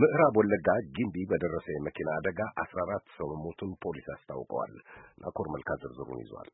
ምዕራብ ወለጋ ጊምቢ በደረሰ የመኪና አደጋ አስራ አራት ሰው መሞቱን ፖሊስ አስታውቀዋል። ናኮር መልካ ዝርዝሩን ይዟል።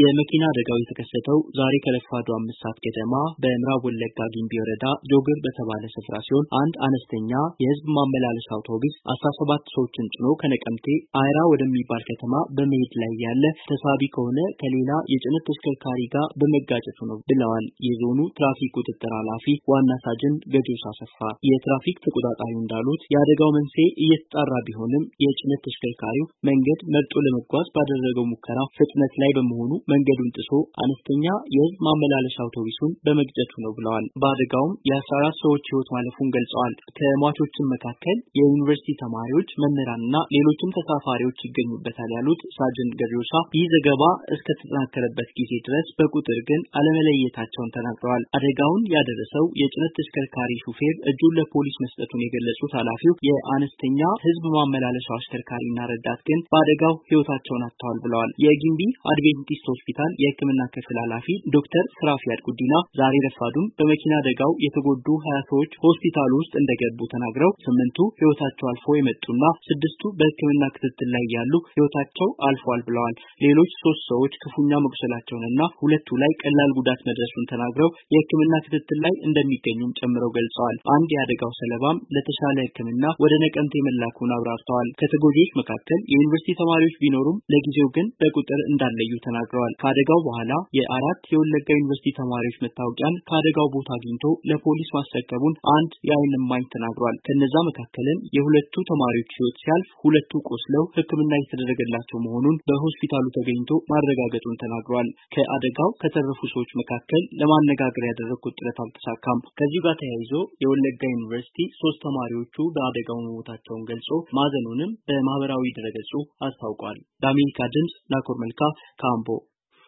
የመኪና አደጋው የተከሰተው ዛሬ ከለፋዶ አምስት ሰዓት ገደማ በምዕራብ ወለጋ ጊምቢ ወረዳ ጆግር በተባለ ስፍራ ሲሆን አንድ አነስተኛ የህዝብ ማመላለሻ አውቶቡስ አስራ ሰባት ሰዎችን ጭኖ ከነቀምቴ አይራ ወደሚባል ከተማ በመሄድ ላይ ያለ ተሳቢ ከሆነ ከሌላ የጭነት ተሽከርካሪ ጋር በመጋጨቱ ነው ብለዋል የዞኑ ትራፊክ ቁጥጥር ኃላፊ ዋና ሳጅን ገጆሳ አሰፋ። የትራፊክ ተቆጣጣሪ እንዳሉት የአደጋው መንስኤ እየተጣራ ቢሆንም የጭነት ተሽከርካሪው መንገድ መርጦ ለመጓዝ ባደረገው ሙከራ ፍጥነት ላይ በመሆኑ መንገዱን ጥሶ አነስተኛ የህዝብ ማመላለሻ አውቶቡሱን በመግጨቱ ነው ብለዋል። በአደጋውም የአስራ አራት ሰዎች ህይወት ማለፉን ገልጸዋል። ከሟቾችም መካከል የዩኒቨርሲቲ ተማሪዎች፣ መምህራንና ሌሎችም ተሳፋሪዎች ይገኙበታል ያሉት ሳጅን ገሪዮሳ ይህ ዘገባ እስከተጠናከረበት ጊዜ ድረስ በቁጥር ግን አለመለየታቸውን ተናግረዋል። አደጋውን ያደረሰው የጭነት ተሽከርካሪ ሹፌር እጁን ለፖሊስ መስጠቱን የገለጹት ኃላፊው የአነስተኛ ህዝብ ማመላለሻው አሽከርካሪና ረዳት ግን በአደጋው ህይወታቸውን አጥተዋል ብለዋል። የጊምቢ አድቬንቲስት ሆስፒታል የህክምና ክፍል ኃላፊ ዶክተር ስራፊያድ ጉዲና ዛሬ ረፋዱን በመኪና አደጋው የተጎዱ ሀያ ሰዎች ሆስፒታሉ ውስጥ እንደገቡ ተናግረው ስምንቱ ህይወታቸው አልፎ የመጡና ስድስቱ በህክምና ክትትል ላይ ያሉ ህይወታቸው አልፏል ብለዋል። ሌሎች ሶስት ሰዎች ክፉኛ መቁሰላቸውንና ሁለቱ ላይ ቀላል ጉዳት መድረሱን ተናግረው የህክምና ክትትል ላይ እንደሚገኙም ጨምረው ገልጸዋል። አንድ የአደጋው ሰለባም ለተሻለ ህክምና ወደ ነቀምቴ መላኩን አብራርተዋል። ከተጎጂዎች መካከል የዩኒቨርሲቲ ተማሪዎች ቢኖሩም ለጊዜው ግን በቁጥር እንዳለዩ ተናግረዋል። ተናግረዋል። ከአደጋው በኋላ የአራት የወለጋ ዩኒቨርሲቲ ተማሪዎች መታወቂያን ከአደጋው ቦታ አግኝቶ ለፖሊስ ማስረከቡን አንድ የአይን እማኝ ተናግሯል። ከነዛ መካከልም የሁለቱ ተማሪዎች ህይወት ሲያልፍ ሁለቱ ቆስለው ሕክምና የተደረገላቸው መሆኑን በሆስፒታሉ ተገኝቶ ማረጋገጡን ተናግሯል። ከአደጋው ከተረፉ ሰዎች መካከል ለማነጋገር ያደረግኩት ጥረት አልተሳካም። ከዚሁ ጋር ተያይዞ የወለጋ ዩኒቨርሲቲ ሶስት ተማሪዎቹ በአደጋው መሞታቸውን ገልጾ ማዘኑንም በማህበራዊ ድረገጹ አስታውቋል። ለአሜሪካ ድምፅ ናኮር መልካ ካምቦ